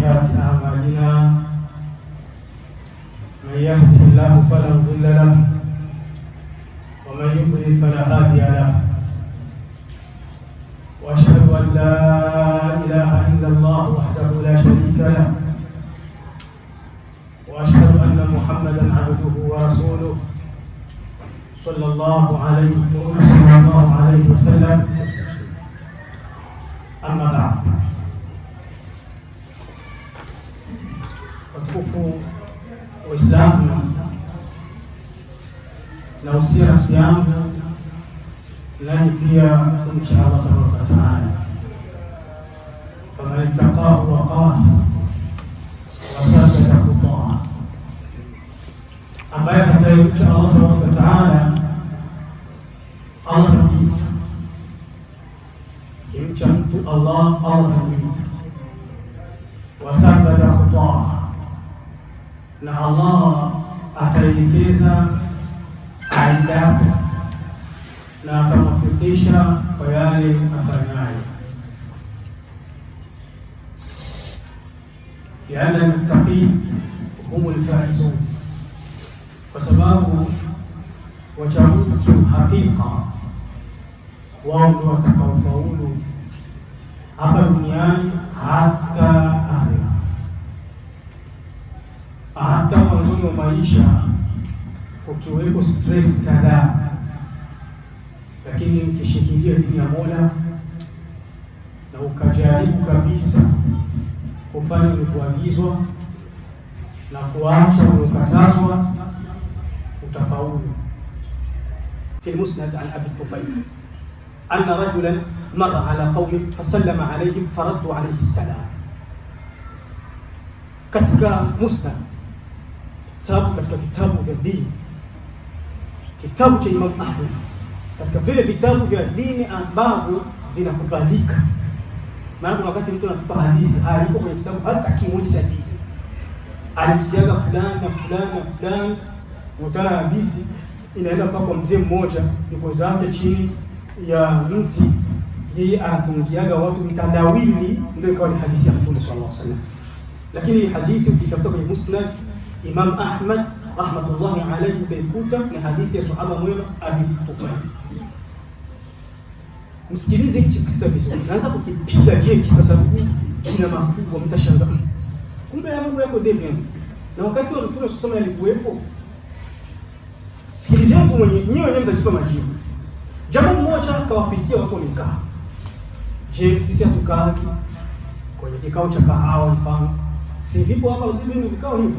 سيئات أعمالنا من يهده الله فلا مضل له ومن يضلل فلا هادي له وأشهد أن لا إله إلا الله وحده لا شريك له وأشهد أن محمدا عبده ورسوله صلى الله عليه صلى الله عليه وسلم يكفي ان شاء الله تبارك وتعالى فمن اتقاه وقاه وسلك خطاه ambaye atakayemcha Allah tabaraka wataala atamlinda. Kimcha mtu Allah, Allah atamlinda. Wasabata khutaa, na Allah ataelekeza aendapo na atam kisha kwa yale afanyayo. Yale yaani muttaqin humul faizun, kwa sababu wachamungu hakika wao ndio watakaofaulu hapa duniani hata akhera. Hata mwanzoni wa maisha kukiwepo stress kadhaa lakini ukishikilia dini ya Mola na ukajaribu kabisa kufanya ulivyoagizwa na kuacha uliokatazwa utafaulu. fi lmusnad an abi tufail anna rajulan mara ala qaumin fasallama alayhim faraddu alayhi salam, katika musnad sababu, katika vitabu vya dini, kitabu cha Imam Ahmad katika vile vitabu vya dini ambavyo vinakubalika. Maana kuna wakati mtu anakupa hadithi haiko ah, kwenye kitabu hata kimoja cha dini, alimsikiaga fulani na fulani na fulani, utana hadithi inaenda mpaka kwa mzee mmoja, yuko zake chini ya mti, yeye anatungiaga watu mitandawili, ndio ikawa ni hadithi ya Mtume sallallahu alaihi wasallam. Lakini hadithi ukitafuta kwenye Musnad Imam Ahmad rahmatullahi alayhi, utaikuta ni hadithi ya sahaba mwema Abi Hurairah. Msikilize hichi kisa vizuri, naanza kukipiga jeki kwa sababu kina makubwa, mtashangaa. Kumbe ya Mungu yako demi yangu, na wakati wa mtume sasa alikuwepo. sikilize mtu mwenye nyewe wenyewe mtajipa majibu. Jambo mmoja kawapitia watu wamekaa. Je, sisi hatukaa kwenye kikao cha kahawa mfano? Si vipo hapa hivi vikao hivyo?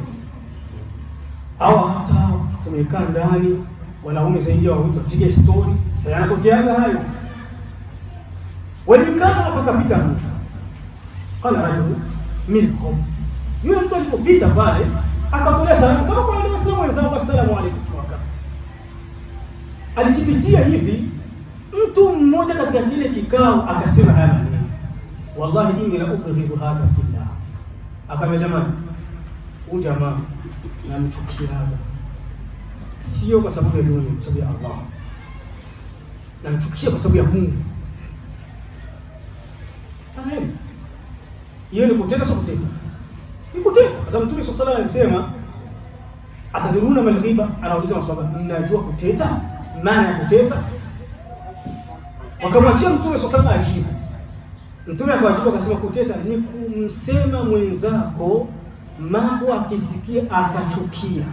au hata tumekaa ndani wanaume zaidi ya wawili wapiga story. Sasa yanatokeaga hayo, walikaa wakapita mtu kala rajulu minhum, yule mtu alipopita pale akatolea salamu kama kwa ndugu Waislamu wenzao, assalamu alaykum. Alijipitia hivi, mtu mmoja katika kile kikao akasema haya maneno, wallahi inni la ubghidu hadha fillah. Akamwambia jamani huyu jamaa namchukiaga, sio kwa sababu ya dunia, kwa sababu ya Allah. Namchukia kwa sababu ya Mungu. Tamam, hiyo ni kuteta, sio kuteta, ni kuteta, kwa sababu Mtume sallallahu alaihi wasallam alisema atadiruna malghiba, anauliza maswahaba, mnajua kuteta maana ya kuteta? Wakamwachia Mtume sallallahu alaihi wasallam ajibu. Mtume akawajibu akasema, kuteta ni kumsema mwenzako mambo akisikia atachukia,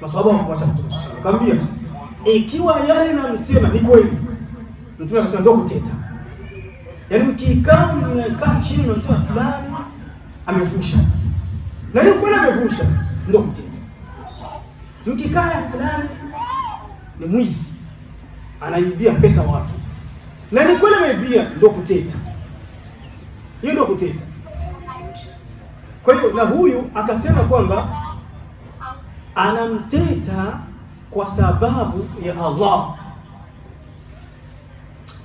kwa sababu amkuacha Mtume Akamwambia, alaihi wasallam. Kaambia ikiwa yale namsema ni kweli, Mtume akasema ndio kuteta. Yaani mkikaa mmekaa chini mnasema fulani amefusha, na ni kweli amefusha, ndio kuteta. Mkikaa fulani ni mwizi, anaibia pesa watu, na ni kweli ameibia, ndio kuteta. Hiyo ndio kuteta. Kwa hiyo na huyu akasema kwamba anamteta kwa sababu ya Allah.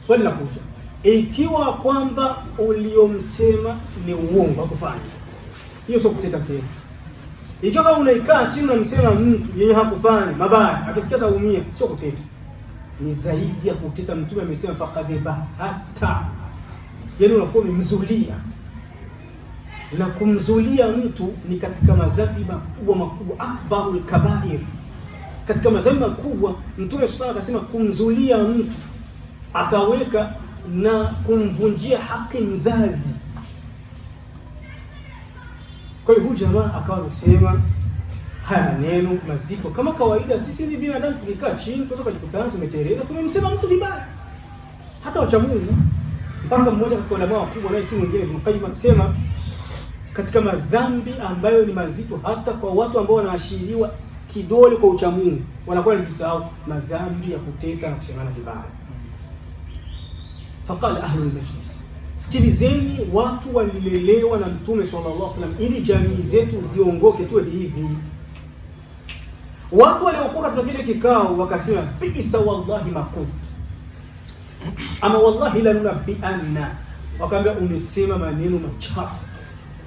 Swali la kuja ikiwa kwamba uliomsema ni uongo hakufanya, hiyo sio kuteta tena. Ikiwa kama unaikaa chini unamsema mtu yeye hakufanya mabaya, akisikia ataumia, sio kuteta, ni zaidi ya kuteta. Mtume amesema faqad hata, yaani unakuwa umemzulia na kumzulia mtu ni katika madhambi makubwa makubwa, akbarul kabair. Katika madhambi makubwa, Mtume sasa akasema kumzulia mtu, akaweka na kumvunjia haki mzazi. Kwa hiyo huyu jamaa akawa anasema haya neno mazito. Kama kawaida, sisi ni binadamu, tukikaa chini tunaweza kujikutana tumetereza, tumemsema mtu vibaya, hata wacha Mungu. Mpaka mmoja katika ulamaa wakubwa, naye si mwingine, Ibn Qayyim akisema katika madhambi ambayo ni mazito, hata kwa watu ambao wanaashiriwa kidole kwa uchamungu wanakuwa nikisahau madhambi ya kuteta na kusemana vibaya. Faqala ahlu majlis, sikilizeni watu walilelewa na Mtume sallallahu alaihi wasallam ili jamii zetu ziongoke tuwe hivi. Watu waliokuwa katika kile kikao wakasema, bisa wallahi makut ama wallahi lanunabbianna, wakaambia umesema maneno machafu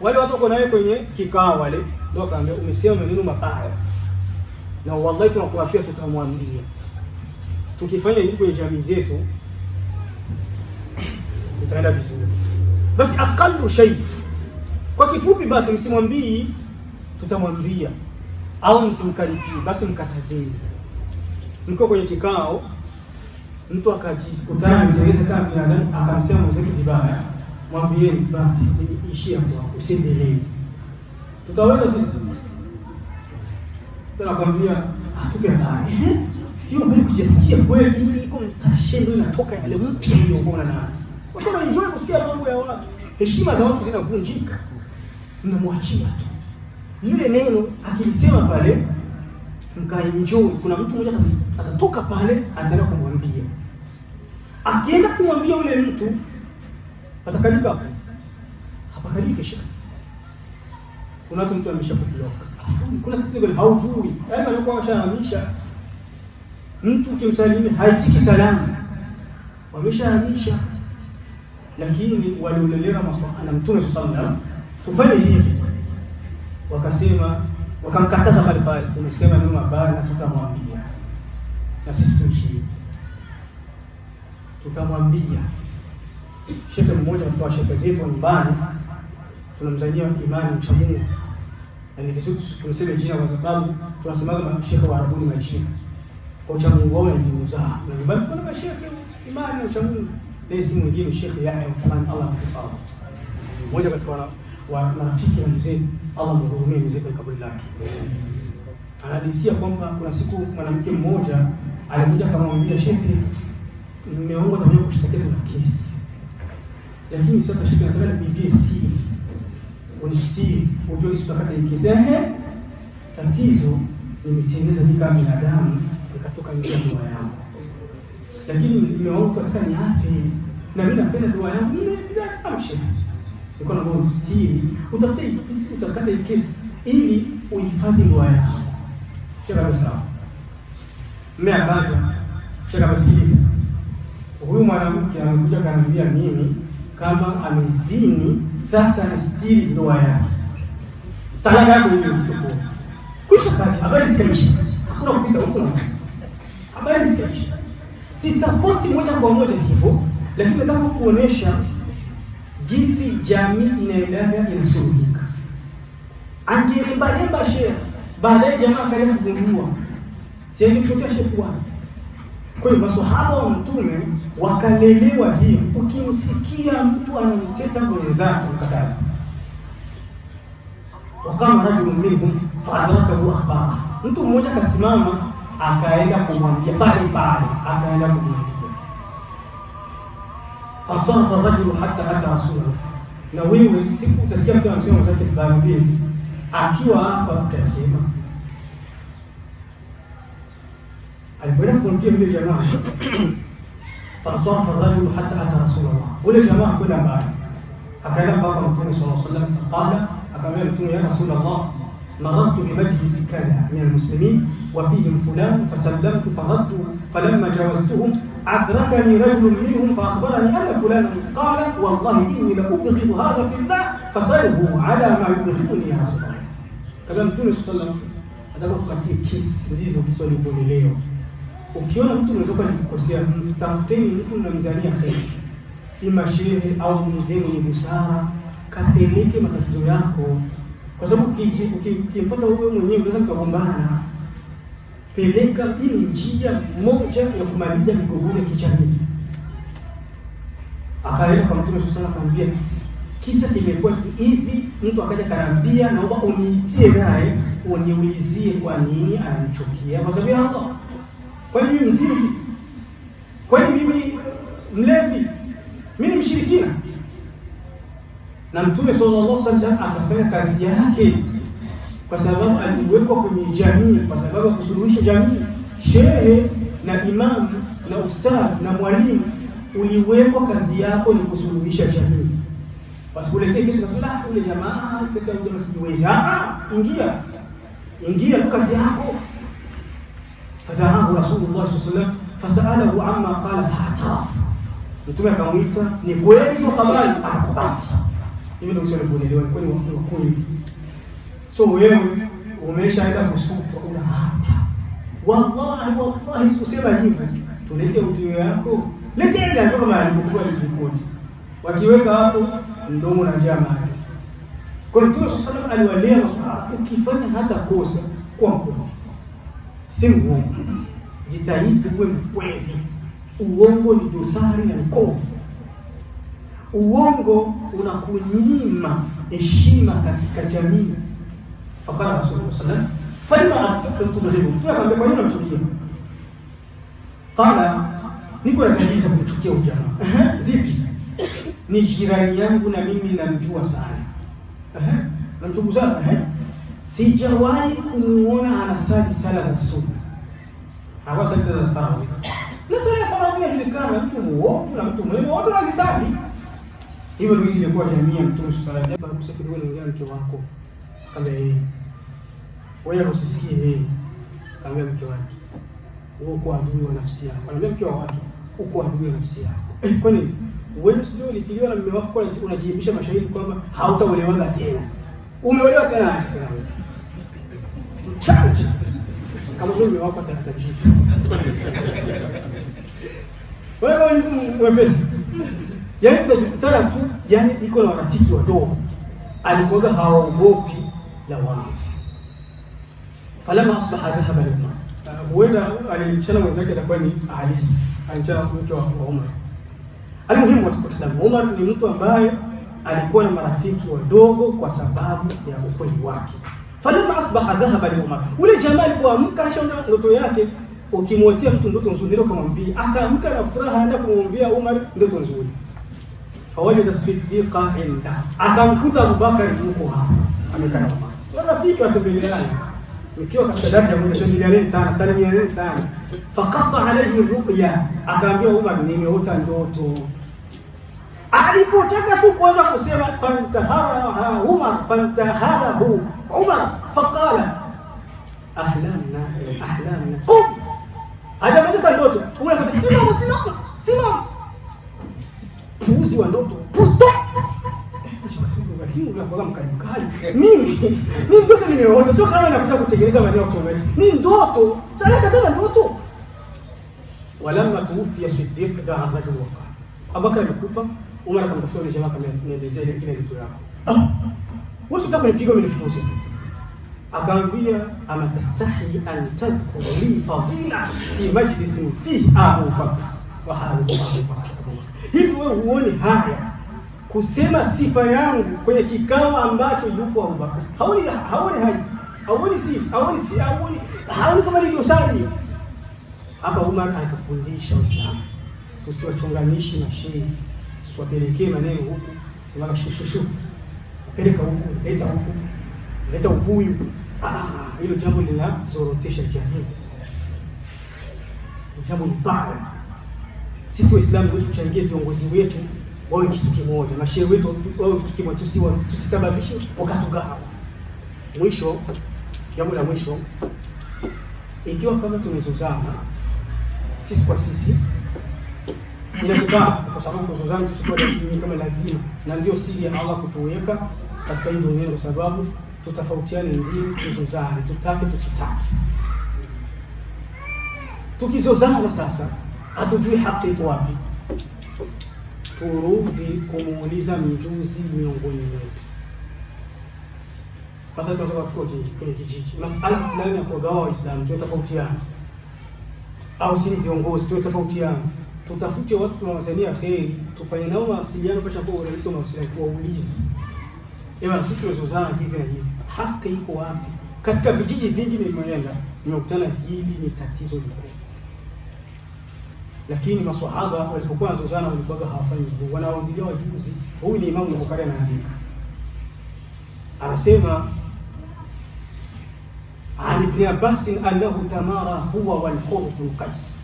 wale watu wako naye kwenye kikao wale, ndio kaambia umesema maneno mabaya, na wallahi tunakuambia tutamwambia tukifanya hivi kwenye jamii zetu itaenda vizuri. Basi aqallu shay, kwa kifupi, basi msimwambii, tutamwambia au msimkaribie, basi mkatazeni. Mko kwenye kikao, mtu akajikutana kama binadamu, akamsema mwenzake vibaya mwambie basi niishie hapo, usiendelee. Tutaweza sisi tunakwambia hiyo mbele kujisikia kweli, ili iko msashe ndio inatoka yale mpya hiyo. Unaona na watu wanaenjoy kusikia mambo ya watu, heshima za watu zinavunjika, mnamwachia tu yule neno akilisema pale, mkaenjoy. Kuna mtu mmoja atatoka pale, ataenda kumwambia, akienda kumwambia yule mtu Atakalika hapa. hapakaliki shaka. Kuna watu mtu ameshakubloka, kuna tatizo gani haujui, yaani alikuwa washahamisha mtu ukimsalimia haitiki salamu, wameshahamisha. Lakini waliolelea maswahaba na Mtume sallallahu alaihi wasallam tufanye hivi, wakasema wakamkataza pale pale, umesema ni mabaya na tutamwambia, na sisi tuishi. tutamwambia shekhe mmoja katika washehe zetu wa nyumbani tunamzania imani cha Mungu, na ni vizuri tumseme jina kwa sababu tunasemaga mashehe wa Arabuni majina kwa cha Mungu wao ni najiuzaa na nyumbani kuna mashekhe imani na ucha Mungu na si mwingine shekhe ya Rahman, Allah amhifadhi, mmoja katika wa marafiki na mzee, Allah amhurumie mzee kwa kaburi lake. Anadisia kwamba kuna siku mwanamke mmoja alikuja akamwambia shekhe, mmeongo wangu atakuja kushtakia na kesi lakini sasa shika, nataka nipigie simu unisitiri, ujue Yesu takata ikizehe. Tatizo nimetengeza mimi kama binadamu, nikatoka nje ya dua yangu, lakini nimeomba ni niape, na mimi napenda dua yangu ile bila kamsha, nilikuwa naomba unistiri, utafute ikisi, utakata ikisi ili uhifadhi dua yako. Shaka kwa sawa, mimi akaja shaka, msikilize huyu mwanamke amekuja kaniambia mimi kama amezini sasa anastiri ndoa yake, talaka yako hiyo mtokoa kwisha, kazi habari zikaisha, hakuna kupita huko, habari zikaisha. Si sapoti moja kwa moja hivyo, lakini nataka kuonesha jinsi jamii inaendaga inasuluhika. Angelembalemba shehe, baadaye jamaa akaja kugundua sehemu kutosha kwa kwa hiyo maswahaba wa Mtume wakalelewa hivi, ukimsikia mtu anamteta mwenzake ukataza. Wakama rajulu minhum faadrakahu akhbara, mtu mmoja akasimama akaenda kumwambia pale pale, akaenda kumwambia fasarafa rajulu hata ata rasulahu. Na wewe siku utasikia mtu anamsema mwenzake, akiwa hapa utasema البنات كيف لجماعة فانصرف الرجل حتى أتى رسول الله ولجماعة كل معه أكلم بابا صلى الله عليه وسلم فقال أكلم متوني يا رسول الله مررت بمجلس كان من المسلمين وفيهم فلان فسلمت فردت فلما جاوزتهم أدركني رجل منهم فأخبرني أن فلانا قال والله إني لأبغض هذا في الله فسأله على ما يبغضني يا رسول الله. كلام تونس صلى الله عليه وسلم anataka kukatia كيس ndivyo Kiswahili leo. Ukiona mtu unaweza kuwa nikukosea, mtafuteni mtu namzania kheri, ima shehe au mzee mwenye busara, kapeleke matatizo yako, kwa sababu ukimfuata wewe mwenyewe unaweza kugombana. Peleka, hii ni njia moja ya kumaliza migogoro ya kijamii. Akaenda kwa Mtume sana, akamwambia kisa kimekuwa hivi, mtu akaja karambia, naomba uniitie naye uniulizie kwa nini anamchukia kwa sababu ya Allah Kwani mimi mzinzi? Kwani mimi mlevi? Mimi ni mshirikina? Na Mtume sallallahu alaihi wasallam akafanya kazi yake, kwa sababu aliwekwa kwenye jamii, kwa sababu ya kusuluhisha jamii. Shehe na imamu na ustadhi na mwalimu, uliwekwa kazi yako ni kusuluhisha jamii. Wasikuletee kesho nasema ule jamaa pesa yule msijiwezi. Ah, ingia ingia, kazi yako fadaahu Rasulullah sallallahu alaihi wasallam fasalahu amma qala fa'taraf, mtume akamwita ni kweli hizo habari, akakubali. ni kweli watu wa kweli. So wewe umeshaenda kusukwa, una hapa. Wallahi wallahi, sikusema hivi, tulete ujio yako, letenda ndio kama alikuwa alikuwa wakiweka hapo mdomo na njama kwa Mtume aliwalea maswahaba, ukifanya hata kosa kwa mdomo si mwongo. Jitahidi uwe mkweli. Uongo ni dosari ya ukovu. Uongo unakunyima heshima katika jamii. Fakara Rasulullah sallallahu alaihi wasallam falimatutuhibu, tunakwambia kwa nini unamchukia? Kala niko natatiza kumchukia ujamaa. Zipi? Ni jirani yangu na mimi namjua sana. Namchukia sana. Sijawahi kumuona anasali sala za sunna. Hapo sasa sala za faradhi. Na sala ya faradhi inajulikana mtu muovu na mtu mwema wote wanazisali. Hivyo ndio ilikuwa jamii ya Mtume sallallahu ya wasallam. Hebu kidogo niongea mke wako. Kama yeye. Wewe usisikie yeye. Kama mke wako. Wewe uko adui wa nafsi yako. Kama mke wa watu, uko adui wa nafsi yako. Eh, Kwa nini? Wewe sio ulifikiwa na mume wako unajiimbisha mashairi kwamba hautaolewa tena. Umeolewa tena chanja kama Mungu amewapa tafuta jicho. Wewe ni mtu mwepesi. Yaani tutakutana tu, yaani iko na rafiki wadogo. Alikuwa haogopi lawama. Falama asbaha dhahaba lima huenda alimchana mwenzake atakuwa ni Ali, alimchana mtu wa Umar. Almuhimu watukuislamu, Umar ni mtu ambaye alikuwa na marafiki wadogo kwa sababu ya ukweli wake. Falamma asbaha dhahaba lahuma, ule jamaa alipoamka ashaona ndoto yake. Ukimwotea mtu ndoto nzuri ndio kumwambia, akaamka na furaha, anaenda kumwambia Umar ndoto nzuri. Fawajada siddiqa inda, akamkuta Abubakari yuko hapo amekana amekaa na wake mbele yake, ukiwa katika daraja moja, cha tumialieni sana sana salimiani sana. Faqasa alayhi ruqya, akaambia Umar, nimeota ndoto. Alipotaka tu kuanza kusema fantahara Umar hu Umar faqala ahlanna ahlanna, qum, hajamaliza ndoto. Umar akasema simama, simama, simama. Puuzi wa ndoto puto. Mimi ni ndoto nimeona, sio kama nakuta kutengeneza maneno kutonganisha, ni ndoto salaka tena ndoto. Walamma tuwafia Siddiq daa rajul waqa, Abubakar alikufa, Umar akamtafuta jamaa, kama nielezea ile ndoto yako wewe unataka kunipiga mimi nifukuze? Akaambia ama tastahi an tadhkur li fadila fi majlisin fi Abu Bakr wa hali Abu Bakr. Hivi wewe huoni haya kusema sifa yangu kwenye kikao ambacho yuko Abu Bakr? Haoni haoni haya. Haoni si, haoni si, haoni. Haoni kama ni dosari. Hapa Umar alikufundisha Uislamu. Tusiwatunganishi na shehe. Tusiwapelekee maneno huku. Sema shushu shushu peleka huku, leta huku, leta ubuyu. Ah, hilo jambo linazorotesha jamii, jambo mbaya. Sisi Waislamu wetu tuchangie viongozi wetu wawe kitu kimoja, shehe wetu wawe kitu kimoja, tusisababishe wakatugawa. Mwisho, jambo la mwisho, ikiwa kama tumezozana sisi kwa sisi inazozana, kwa sababu kuzozana kama lazima, na ndio siri ya Allah kutuweka katika hili duniani, kwa sababu tutofautiane elimu, tuzozane, tutake tusitake. Tukizozana sasa hatujui haki iko wapi, turudi kumuuliza mjuzi miongoni mwetu. Hata tunasema tuko kwenye kijiji, masala fulani ya kuwagawa Waislamu tunatofautiana, au si viongozi tunatofautiana, tutafute watu tunawazania kheri, tufanye nao mawasiliano, kisha kwa urahisi wa mawasiliano kuwauliza Ewa eh, sisi tulizozana hivi na hivi. Haki iko wapi? Katika vijiji vingi nilivyoenda nimekutana hili ni tatizo likubwa. Lakini maswahaba walipokuwa wanazozana walikuwa hawafanyi hivyo. Wanaongelea wajuzi. Huyu ni Imamu Bukhari anaandika. Anasema Ali ibn Abbas annahu tamara huwa wal Qur'an Qais.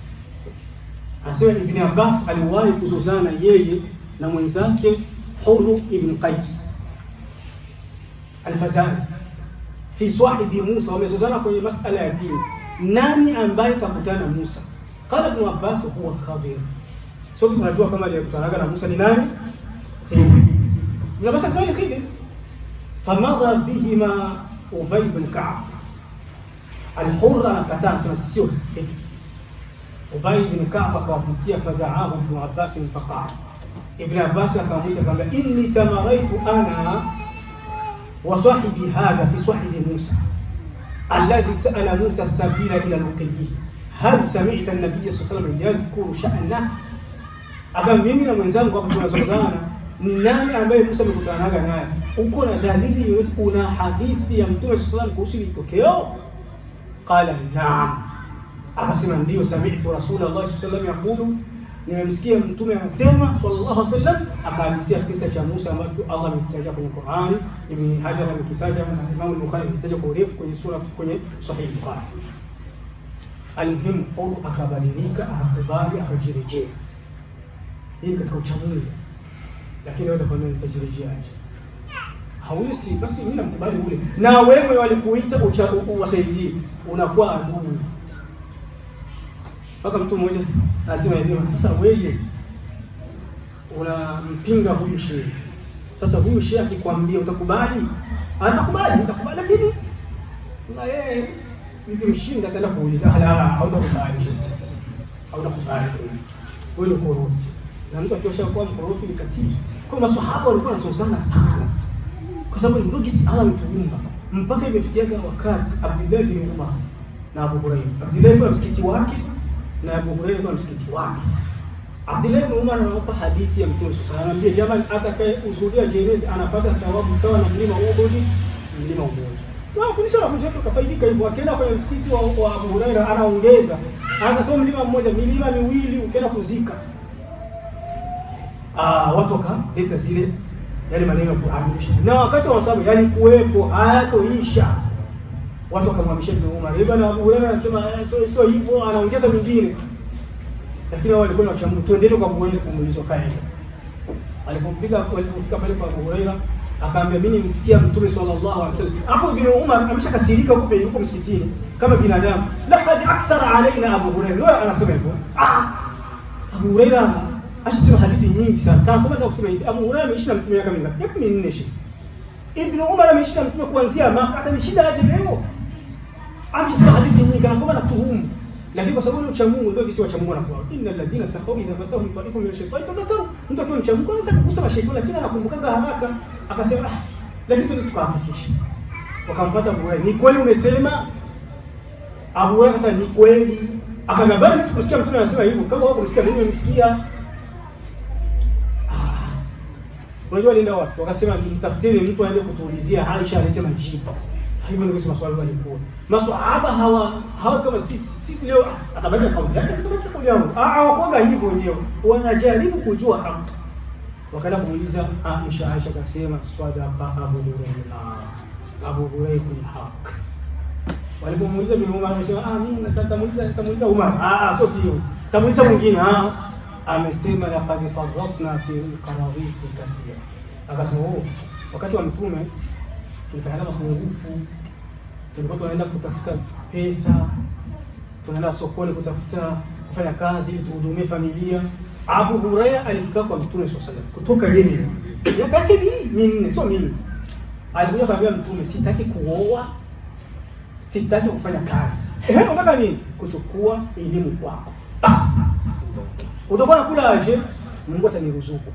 Anasema Ibn Abbas aliwahi kuzozana yeye na mwenzake Huru ibn Qais. الفساد في صاحب موسى ومزوزانا في مسألة دين ناني أنباي كمتانا موسى قال ابن عباس هو الخبير سوف نجوا كما ليكتانا قال موسى ناني ابن عباس أكسواني خيدي فمضى بهما أبي بن كعب الحرة كتاس سنة أبي بن كعب كوابوتية فدعاه ابن عباس فقال ابن عباس كوابوتية فقال إني تمريت أنا وصاحب هذا في صاحب موسى الذي سأل موسى السبيل إلى المقيم هل سمعت النبي صلى الله عليه وسلم يذكر شأنه؟ أقام مين من المنزان وقت نزوزانا نعم أبي موسى مكتران هذا نعم دليل يتقون حديث يمتوى صلى الله عليه وسلم قال نعم أقسم أن سمعت رسول الله صلى الله عليه وسلم يقول nimemsikia Mtume anasema sallallahu alaihi wasallam, akahadisia kisa cha Musa ambacho Allah amekitaja kwenye Qur'ani, Ibn Hajar amekitaja na Imam al-Bukhari amekitaja kwa urefu kwenye sura kwenye Sahih Bukhari. Alhim qul, akabadilika, akakubali, akajirejea. Hii ni katika uchamungu, lakini wewe utakwambia nitajirejeaje? Hausi basi, mimi namkubali ule, na wewe walikuita uchamungu, wasaidii unakuwa adui mpaka mtu mmoja anasema hivi, sasa wewe unampinga huyu shehe, sasa huyu shehe akikwambia utakubali? Atakubali, utakubali, lakini na yeye mshinda tena kuuliza, la, hautakubali, hautakubali, wewe ni korofi. Na mtu akiosha akishakuwa mkorofi ni katili. Kwa maswahaba walikuwa wanazozana sana, kwa sababu ndugu si ala mtuumba, mpaka imefikia wakati Abdullah bin Umar na Abu Hurairah, Abdullah bin Umar msikiti wake na Abu Hurairah kwa msikiti wake. Abdullah ibn Umar anawapa hadithi ya Mtume sasa, anamwambia jamani, atakaye ushuhudia jeneza anapata thawabu sawa na mlima Uhud, mlima mmoja. Na wafundisha wanafunzi wake wakafaidika hivyo, akienda kwenye msikiti wa, wa Abu Hurairah anaongeza, sio mlima mmoja, milima miwili ukienda kuzika. Ah, watu wakaleta zile yale maneno ya Qur'an, na wakati wa sababu yalikuwepo hayatoisha watu wakamhamisha Ibn Umar. Ibn Abu Hurairah anasema eh, sio sio hivyo, anaongeza mwingine, lakini wao walikuwa wacha wanachambua, tuendelee kwa Abu Hurairah kumuuliza kaenda. Alipompiga alipofika pale kwa Abu Hurairah akaambia, mimi nimsikia Mtume sallallahu alaihi wasallam. Hapo Ibn Umar ameshakasirika huko pe huko msikitini kama binadamu, laqad akthara alaina Abu Hurairah. Ndio anasema hivyo ah, Abu Hurairah ashasema hadithi nyingi sana, kama kama ndio kusema hivi. Abu Hurairah ameishi na Mtume miaka mingapi? Miaka minne. Ibn Umar ameishi na Mtume kuanzia Makkah, atanishida aje leo? Amshasema hadithi nyingi kana kwamba natuhumu. Lakini kwa sababu ni cha Mungu ndio visiwa cha Mungu anakuwa. Inna alladhina taqaw idha masahum ta'ifu min ash-shaytani tadhakkaru. Mtu akiwa mcha Mungu anaweza kukusema shaytani lakini anakumbukaga haraka. Akasema ah, lakini tuni tukahakikisha. Wakamfuata Abu Hurairah. Ni kweli umesema? Abu Hurairah sasa ni kweli. Akamwambia bwana mimi sikusikia mtume anasema hivyo. Kama wako msikia mimi nimesikia ah, ah. Unajua nenda wapi? Wakasema mtafuteni mtu aende kutuulizia Aisha alete majibu hivyo ndio kesi maswali walikuwa maswahaba hawa hawa kama sisi sisi leo atabaki kauli yake atabaki kauli yangu ah hawakwanga hivyo wenyewe wanajaribu kujua hapo wakaenda kumuuliza Aisha Aisha akasema sadaqa Abu Hurairah Abu Hurairah ni hak walipomuuliza bin Umar amesema ah mimi natamuuliza natamuuliza Umar ah ah sio sio oh. tamuuliza mwingine ah amesema ah, laqad farratna fi qarawiq kathira akasema oh, wakati wa mtume tulifanya kama kuhufu tulikuwa tunaenda kutafuta pesa, tunaenda sokoni kutafuta kufanya kazi ili tuhudumie familia. Abu Huraira alifika kwa Mtume sallallahu alaihi wasallam kutoka Yemen, miaka yake minne, sio mimi. Alikuja kumwambia Mtume, sitaki kuoa, sitaki kufanya kazi. Ehe, unataka nini? Kuchukua elimu kwako, basi utakuwa nakula aje, Mungu ataniruzuku.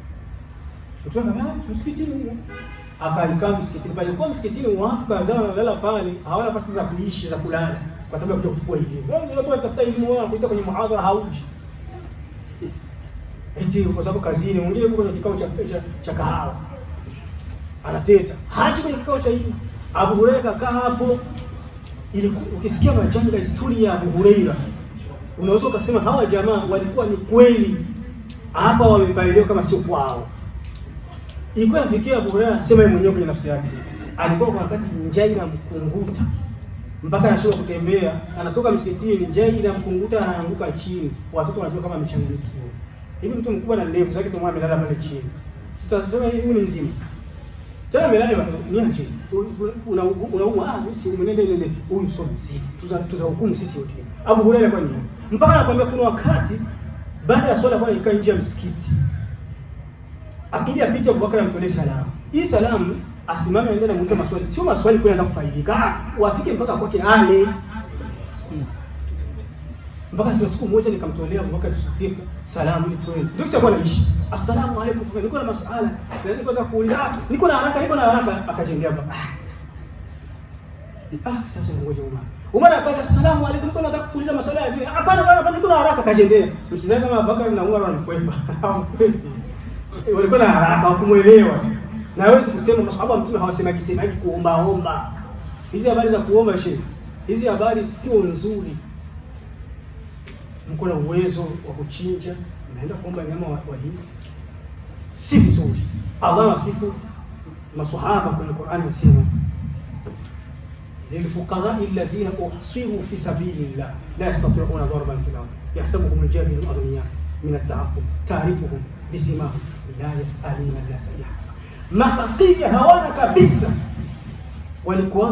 Mtume anamwambia, msikitini akaikaa msikitini pale. Kwa msikitini watu kadhaa wanalala pale, hawana nafasi za kuishi za kulala kwa sababu ya kuja kuchukua elimu. Wao ndio watu watafuta elimu wao kuita kwenye muhadhara hauji. Eti kwa sababu kazini, mwingine yuko kwenye kikao cha cha kahawa. Anateta. Haji kwenye kikao cha elimu. Abu Huraira kaa hapo. Ili ukisikia majanga historia ya Abu Huraira, unaweza ukasema hawa jamaa walikuwa ni kweli hapa wamepaelewa kama sio kwao. Ilikuwa nafikia Abu sema yeye mwenyewe kwenye nafsi yake. Alikuwa kwa wakati njaa na mkunguta mpaka anashindwa kutembea, anatoka msikitini, njaa na mkunguta, anaanguka chini. Watoto wanajua kama amechangikiwa. Hivi mtu mkubwa na ndevu zake tumwa amelala pale chini. Tutasema huyu ni mzima. Tena amelala pale ni nje. Unaumwa, ah, si ile ile, huyu sio mzima. tuta tutahukumu sisi wote. Abu Hurairah kwa nini? Mpaka anakuambia kuna wakati baada ya swala kwa ikaa nje ya msikiti akija binti picha Abubakar amtolee salamu. Hii salamu asimame aende na muulize maswali. Sio maswali kwenda za kufaidika. Ah, wafike mpaka kwake ale. Hmm. Mpaka sio siku moja nikamtolea Abubakar Siddiq salamu ni twende. Ndio kisha kwa naishi. Assalamu alaykum. Niko na masuala. Na niko nataka kuuliza. Ah, niko na haraka, niko na haraka akajengea baba. Ah, ah sasa ngoja Umar. Umar akaja salamu alaykum. Niko nataka kuuliza maswala ya dini. Hapana, hapana, niko na haraka akajengea. Msidhani kama Abubakar na Umar wanakwepa. Eh, walikuwa na haraka wakumwelewa, na hawezi kusema. Masahaba Mtume hawasemagi semagi kuomba omba. Hizi habari za kuomba shehe, hizi habari sio nzuri. Mko na uwezo wa kuchinja, unaenda kuomba nyama wa, wa hii si vizuri. Allah wasifu masahaba kwenye Qur'ani wasema lilfuqarai alladhina uhsiru fi sabilillah la yastati'una darban fil ard yahsabuhum aljahilu aghniya min at-ta'affuf ta'rifuhum bisimahum la yasaluna nasa ilhafa. Mafaqia hawana kabisa, walikuwa